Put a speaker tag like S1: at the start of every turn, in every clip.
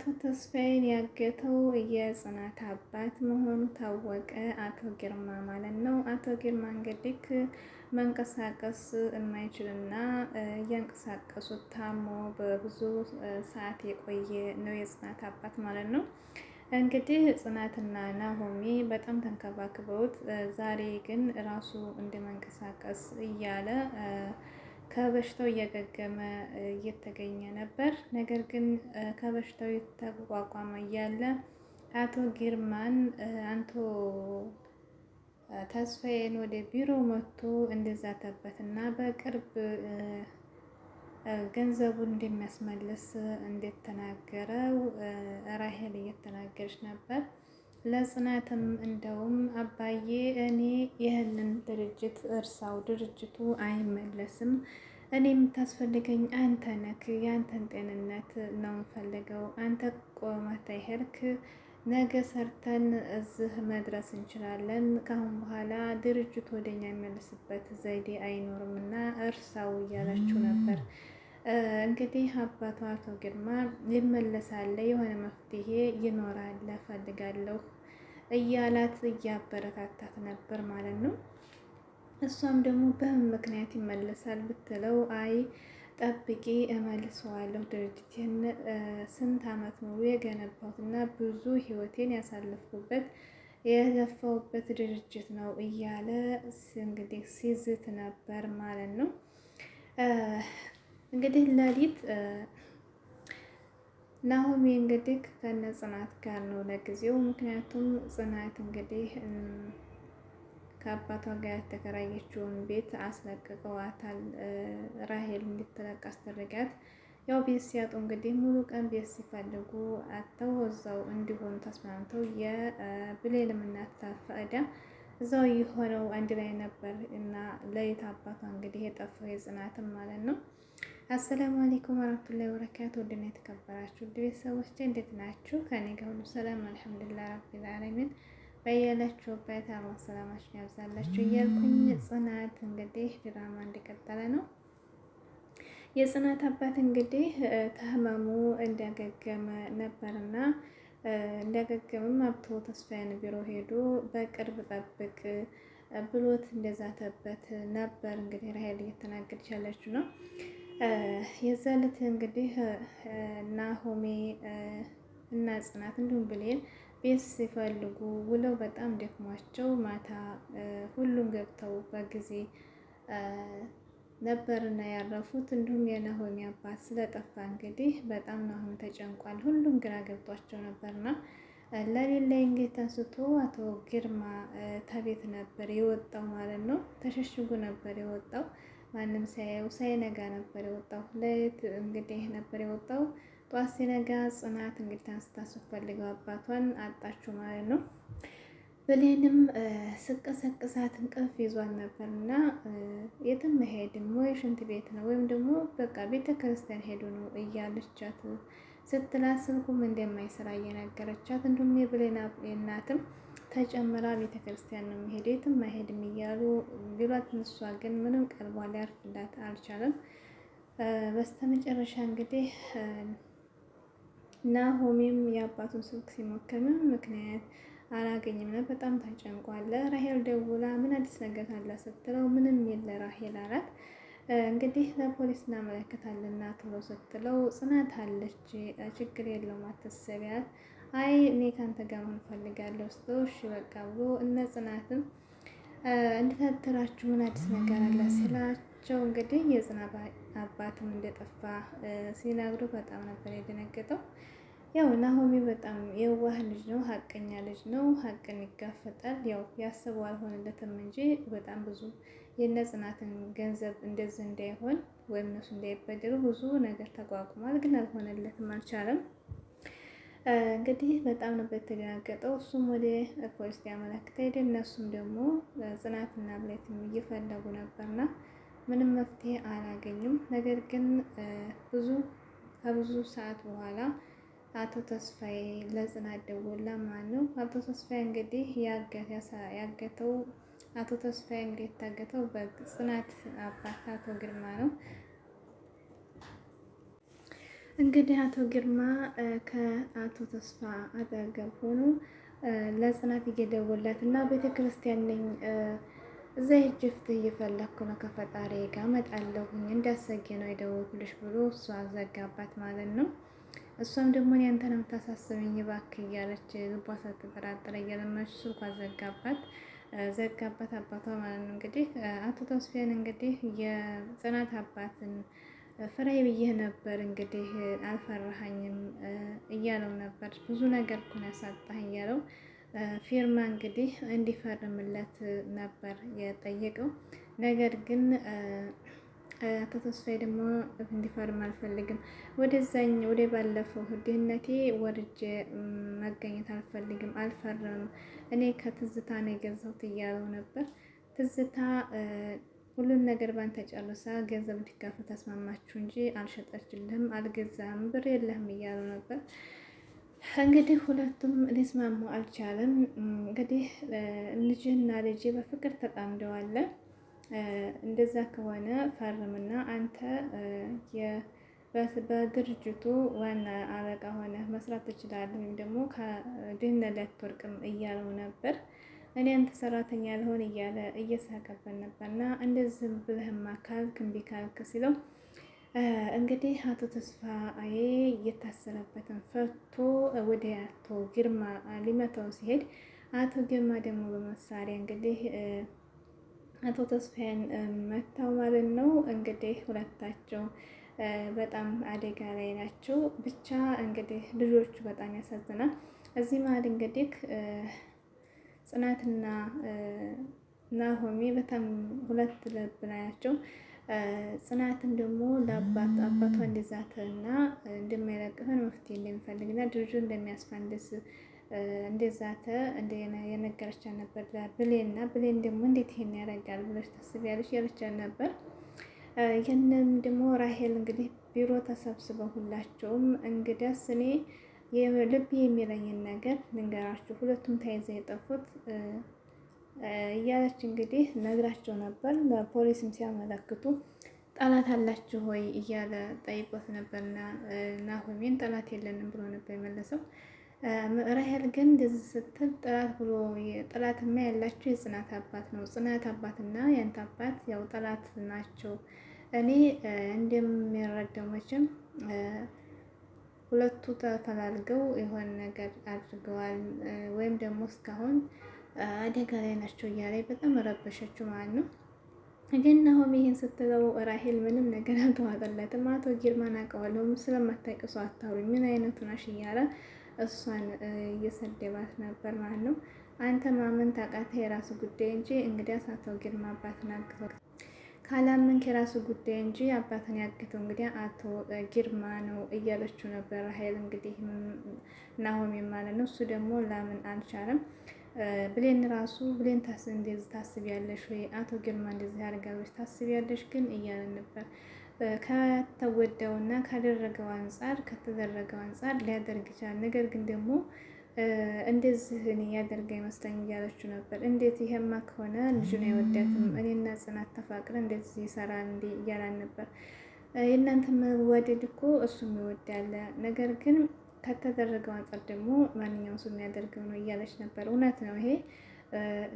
S1: አቶ ተስፋዬን ያገተው የጽናት አባት መሆኑ ታወቀ። አቶ ግርማ ማለት ነው። አቶ ግርማ እንግዲህ መንቀሳቀስ የማይችልና እያንቀሳቀሱ ታሞ በብዙ ሰዓት የቆየ ነው የጽናት አባት ማለት ነው። እንግዲህ ጽናትና ናሆሚ በጣም ተንከባክበውት፣ ዛሬ ግን ራሱ እንደመንቀሳቀስ እያለ ከበሽታው እያገገመ እየተገኘ ነበር። ነገር ግን ከበሽታው የተቋቋመ እያለ አቶ ጊርማን አንቶ ተስፋዬን ወደ ቢሮ መጥቶ እንደዛተበት እና በቅርብ ገንዘቡን እንደሚያስመልስ እንደተናገረው ራሄል እየተናገረች ነበር። ለጽናትም እንደውም አባዬ እኔ ይህንን ድርጅት እርሳው፣ ድርጅቱ አይመለስም። እኔ የምታስፈልገኝ አንተ ነክ፣ የአንተን ጤንነት ነው የምፈልገው። አንተ ቆመታ ይሄልክ ነገ ሰርተን እዚህ መድረስ እንችላለን። ከአሁን በኋላ ድርጅቱ ወደኛ የሚመልስበት ዘይዴ አይኖርም እና እርሳው እያላችሁ ነበር። እንግዲህ አባቷ አቶ ግርማ ይመለሳል፣ የሆነ መፍትሄ ይኖራል፣ ፈልጋለሁ እያላት እያበረታታት ነበር ማለት ነው። እሷም ደግሞ በምን ምክንያት ይመለሳል ብትለው አይ ጠብቂ እመልሰዋለሁ። ድርጅቴን ስንት ዓመት ነው የገነባሁት እና ብዙ ህይወቴን ያሳለፍኩበት የለፋሁበት ድርጅት ነው እያለ እንግዲህ ሲዝት ነበር ማለት ነው። እንግዲህ ለሊት ናሆሚ እንግዲህ ከነ ጽናት ጋር ነው ለጊዜው። ምክንያቱም ጽናት እንግዲህ ከአባቷ ጋር ያተከራየችውን ቤት አስለቅቀዋታል። ራሄል እንድትለቅ አስደረጋት። ያው ቤት ሲያጡ እንግዲህ ሙሉ ቀን ቤት ሲፈልጉ አተው እዛው እንዲሆኑ ተስማምተው የብሌልም እናት ፈቅዳ እዛው የሆነው አንድ ላይ ነበር እና ለየት አባቷ እንግዲህ የጠፋው የጽናትም ማለት ነው አሰላሙ አሌይኩም ወራህመቱላሂ ወበረካቱ። ውድና የተከበራችሁ ውድ ቤተሰቦቼ እንዴት ናችሁ? ከኔ ጋር ሁሉ ሰላም አልሐምዱሊላህ ረቢል ዓለሚን። በያላችሁበት አላህ ሰላማችሁን ያብዛላችሁ እያልኩኝ ጽናት እንግዲህ ድራማ እንደቀጠለ ነው። የጽናት አባት እንግዲህ ተህመሙ እንዳገገመ ነበርና እንዳገገመም አብቶ ተስፋዬን ቢሮ ሄዶ በቅርብ ጠብቅ ብሎት እንደዛተበት ነበር። እንግዲህ ራሄል እየተናገደች ያለችው ነው የዛለት እንግዲህ ናሆሜ እና ጽናት እንዲሁም ብሌን ቤት ሲፈልጉ ውለው በጣም ደክሟቸው ማታ ሁሉም ገብተው በጊዜ ነበርና ያረፉት። እንዲሁም የናሆሚ አባት ስለጠፋ እንግዲህ በጣም ነው ተጨንቋል። ሁሉም ግራ ገብቷቸው ነበርና ለሌላ እንግዲህ ተንስቶ አቶ ግርማ ተቤት ነበር የወጣው ማለት ነው። ተሸሽጎ ነበር የወጣው ማንም ሳያየው ሳይነጋ ነበር የወጣው። ለየት እንግዲህ ነበር የወጣው። ጠዋት ሲነጋ ጽናት እንግዲህ አንስታ ስትፈልገው አባቷን አጣችው ማለት ነው። ብሌንም ስቀሰቅሳት እንቅልፍ ይዟል ነበር እና የትም መሄድም ወይ ሽንት ቤት ነው ወይም ደግሞ በቃ ቤተ ክርስቲያን ሄዱ ነው እያለቻት ስትላት ስልኩም እንደማይሰራ እየነገረቻት እንዲሁም የብሌን እናትም ተጨምራ ቤተ ክርስቲያን ነው የሚሄድ የትም አይሄድም እያሉ ቢሏት፣ እሷ ግን ምንም ቀልቧ ሊያርፍላት አልቻለም። በስተመጨረሻ እንግዲህ ናሆሜም የአባቱን ስልክ ሲሞክር ምንም ምክንያት አላገኝም ነበር። በጣም ተጨንቋል። ራሄል ደውላ ምን አዲስ ነገር አለ ስትለው ምንም የለ ራሄል አላት። እንግዲህ ለፖሊስ እናመለከታለን ና ቶሎ ስትለው ጽናት አለች ችግር የለውም አታስቢያት አይ እኔ ካንተ ጋር መሆን እፈልጋለሁ ስትለው እሺ በቃ ብሎ እነ ጽናትም እንድታተራችሁ አዲስ ነገር አለ ስላቸው እንግዲህ የጽናት አባትም እንደጠፋ ሲናግሩ በጣም ነበር የደነገጠው። ያው ናሆሚ በጣም የዋህ ልጅ ነው፣ ሀቀኛ ልጅ ነው፣ ሀቅን ይጋፈጣል። ያው ያሰበው አልሆነለትም እንጂ በጣም ብዙ የነ ጽናትን ገንዘብ እንደዚህ እንዳይሆን ወይም እነሱ እንዳይበደሉ ብዙ ነገር ተቋቁሟል፣ ግን አልሆነለትም፣ አልቻለም። እንግዲህ በጣም ነበር የተደናገጠው። እሱም ወደ ፖሊስ ሊያመለክት ሄደ። እነሱም ደግሞ ጽናትና ብሌትም እየፈለጉ ነበርና ምንም መፍትሄ አላገኙም። ነገር ግን ብዙ ከብዙ ሰዓት በኋላ አቶ ተስፋዬ ለጽናት ደወላ። ማን ነው አቶ ተስፋዬ? እንግዲህ ያገተው አቶ ተስፋዬ እንግዲህ የታገተው በጽናት አባት አቶ ግርማ ነው። እንግዲህ አቶ ግርማ ከአቶ ተስፋ አጠገብ ሆኖ ለጽናት እየደወላት እና ቤተ ክርስቲያን ነኝ እዛ ሂጅ ፍትህ እየፈለግኩ ነው ከፈጣሪ ጋ እመጣለሁኝ እንዳሰጌ ነው የደወልኩልሽ ብሎ እሷ አዘጋባት ማለት ነው። እሷም ደግሞ እኔ አንተን የምታሳስብኝ እባክህ እያለች ልቧ ሳትጠራጠር እየለመነች ስልኩ አዘጋባት ዘጋባት አባቷ ማለት ነው። እንግዲህ አቶ ተስፋን እንግዲህ የጽናት አባትን ፍሬ ብዬህ ነበር እንግዲህ አልፈራሃኝም እያለው ነበር። ብዙ ነገር ኩን ያሳጣህ እያለው ፊርማ እንግዲህ እንዲፈርምለት ነበር የጠየቀው። ነገር ግን አቶ ተስፋዬ ደግሞ እንዲፈርም አልፈልግም፣ ወደዛኝ ወደ ባለፈው ድህነቴ ወርጄ መገኘት አልፈልግም፣ አልፈርምም፣ እኔ ከትዝታ ነው የገዛሁት እያለው ነበር። ትዝታ ሁሉን ነገር ባንተ ጨርሳ ገንዘብ እንዲካፈል ተስማማችሁ እንጂ አልሸጠችልህም፣ አልገዛም፣ ብር የለህም እያሉ ነበር። እንግዲህ ሁለቱም ሊስማሙ አልቻለም። እንግዲህ ልጅህና ልጄ በፍቅር ተጣምደዋለ። እንደዛ ከሆነ ፈርምና አንተ በድርጅቱ ዋና አለቃ ሆነ መስራት ትችላለህ፣ ወይም ደግሞ ከድህነት አትወርቅም እያለው ነበር። እኔ አንተ ሰራተኛ ልሆን እያለ እየሳቀብን ነበርና እንደዚህ ብለህማ ካልክ እምቢ ካልክ ሲለው እንግዲህ አቶ ተስፋዬ እየታሰረበትን ፈቶ ወደ አቶ ግርማ ሊመታው ሲሄድ አቶ ግርማ ደግሞ በመሳሪያ እንግዲህ አቶ ተስፋዬን መታው ማለት ነው። እንግዲህ ሁለታቸው በጣም አደጋ ላይ ናቸው። ብቻ እንግዲህ ልጆቹ በጣም ያሳዝናል። እዚህ መሀል እንግዲህ ጽናትና ናሆሜ በጣም ሁለት ልብ ናያቸው። ጽናትን ደግሞ ለአባት አባቷ እንደዛትና እንደማይለቅፈን መፍትሄ እንደሚፈልግና ድርጅቱ እንደሚያስፋንድስ እንደዛተ የነገረቻ ነበር ብሌና ብሌን ደግሞ እንዴት ይሄን ያደርጋል ብለሽ ታስቢያለሽ ያለቻ ነበር። ይህንም ደግሞ ራሄል እንግዲህ ቢሮ ተሰብስበው ሁላቸውም እንግዲያስ እኔ ልብ የሚለኝን ነገር ልንገራችሁ፣ ሁለቱም ተይዘው የጠፉት እያለች እንግዲህ ነግራቸው ነበር። ለፖሊስም ሲያመለክቱ ጠላት አላችሁ ሆይ እያለ ጠይቆት ነበርና ናሆሜን ጠላት የለንም ብሎ ነበር የመለሰው። ራሄል ግን እንደዚህ ስትል ጠላት ብሎ ጠላትማ ያላችሁ የጽናት አባት ነው። ጽናት አባትና ያንተ አባት ያው ጠላት ናቸው። እኔ እንደሚረዳው መቼም ሁለቱ ተፈላልገው የሆነ ነገር አድርገዋል ወይም ደግሞ እስካሁን አደጋ ላይ ናቸው እያለ በጣም ረበሸችው ማለት ነው። ግን ናሆም ይህን ስትለው ራሄል ምንም ነገር አልተዋጠለትም። አቶ ጊርማን አውቀዋለሁ ስለማታውቂው ሰው አታውሪ፣ ምን አይነቱ ናሽ እያለ እሷን እየሰደባት ነበር ማለት ነው። አንተ ማመን ታቃተ የራሱ ጉዳይ እንጂ እንግዲያስ አቶ ጊርማ አባት ናግፈ ካላመንክ የራሱ ጉዳይ እንጂ አባትን ያገተው እንግዲህ አቶ ግርማ ነው እያለችው ነበረ ሀይል እንግዲህ ናሆም ማለት ነው። እሱ ደግሞ ላምን አልቻለም። ብሌን ራሱ ብሌን እንደዚህ ታስቢያለሽ ወይ አቶ ግርማ እንደዚህ ያደርጋለች ታስቢያለሽ ግን እያለ ነበር። ከተወደውና ካደረገው አንጻር ከተደረገው አንጻር ሊያደርግ ይችላል። ነገር ግን ደግሞ እንደዚህ እኔ ያደርጋ ይመስለኝ እያለችው ነበር። እንዴት ይሄማ ከሆነ ልጁን አይወዳትም፣ እኔና ጽናት ተፋቅረን እንደዚህ ይሰራል እንዴ እያላን ነበር። የእናንተ መወደድ እኮ እሱም ይወዳለ፣ ነገር ግን ከተደረገው አንጻር ደግሞ ማንኛውም ሰው የሚያደርገው ነው እያለች ነበር። እውነት ነው ይሄ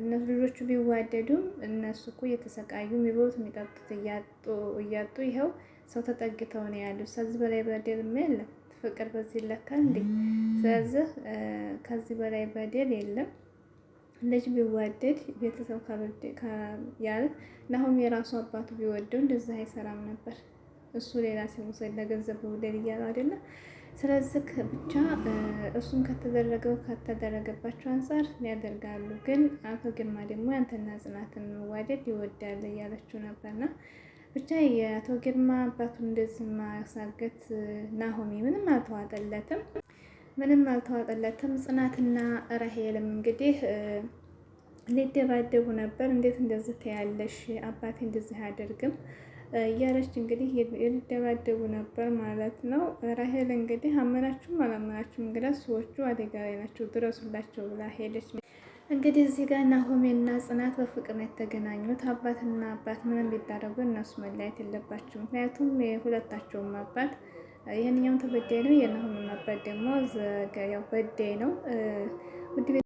S1: እነሱ ልጆቹ ቢዋደዱም እነሱ እኮ እየተሰቃዩ የሚበሉት የሚጠጡት እያጡ ይኸው ሰው ተጠግተው ነው ያሉ። ከዚህ በላይ በደልም የለም። ፍቅር በዚህ ይለካል እንዴ? ስለዚህ ከዚህ በላይ በደል የለም። ልጅ ቢዋደድ ቤተሰብ ያለ ናሁም የራሱ አባቱ ቢወደው እንደዛ አይሰራም ነበር። እሱ ሌላ ሲወሰድ ለገንዘብ በውደድ እያለ አይደለ? ስለዚህ ብቻ እሱም ከተደረገው ከተደረገባቸው አንጻር ያደርጋሉ። ግን አቶ ግርማ ደግሞ ያንተና ጽናትን መዋደድ ይወዳል እያለችው ነበርና ብቻ የአቶ ግርማ አባቱን እንደዚህ ማሳገት ናሆሜ ምንም አልተዋጠለትም፣ ምንም አልተዋጠለትም። ጽናትና ራሄልም እንግዲህ ሊደባደቡ ነበር። እንዴት እንደዚህ ትያለሽ? አባቴ እንደዚህ አያደርግም እያለች እንግዲህ ሊደባደቡ ነበር ማለት ነው። ራሄል እንግዲህ አመናችሁም አላመናችሁም እንግዳ ሰዎቹ አደጋ ላይ ናቸው ድረሱላቸው ብላ ሄደች። እንግዲህ እዚህ ጋር ናሆሜና ጽናት በፍቅር ነው የተገናኙት። አባትና አባት ምንም ቢዳረጉ እነሱ መለያየት የለባቸው። ምክንያቱም የሁለታቸውም አባት ይህንኛውም ተበዳይ ነው፣ የናሆሜም አባት ደግሞ ያው በዳይ ነው።